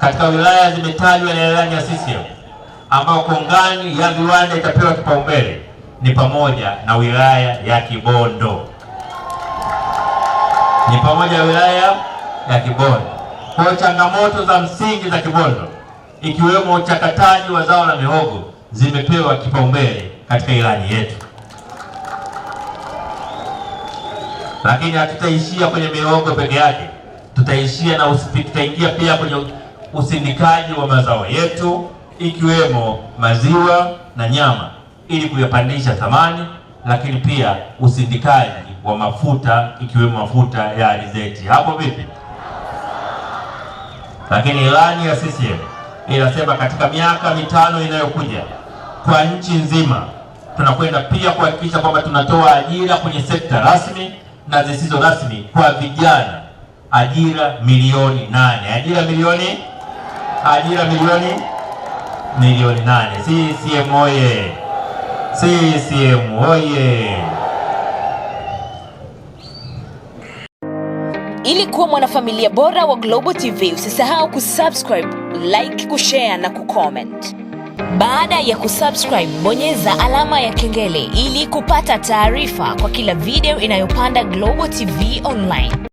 katika wilaya zimetajwa na ilani ya CCM ambao kongani ya viwanda itapewa kipaumbele ni pamoja na wilaya ya Kibondo, ni pamoja na wilaya ya Kibondo. Kwa changamoto za msingi za Kibondo ikiwemo uchakataji wa zao la mihogo zimepewa kipaumbele katika ilani yetu. Lakini hatutaishia kwenye mihogo peke yake, tutaishia na tutaingia pia kwenye usindikaji wa mazao yetu ikiwemo maziwa na nyama ili kuyapandisha thamani, lakini pia usindikaji wa mafuta ikiwemo mafuta ya alizeti. Hapo vipi? Lakini ilani ya CCM inasema katika miaka mitano inayokuja kwa nchi nzima tunakwenda pia kuhakikisha kwamba tunatoa ajira kwenye sekta rasmi na zisizo rasmi kwa vijana, ajira milioni nane, ajira milioni ajira milioni milioni nane. CCM oye! CCM oye! Ili kuwa mwanafamilia bora wa Global TV, usisahau kusubscribe, like, kushare na kucomment. Baada ya kusubscribe, bonyeza alama ya kengele ili kupata taarifa kwa kila video inayopanda Global TV Online.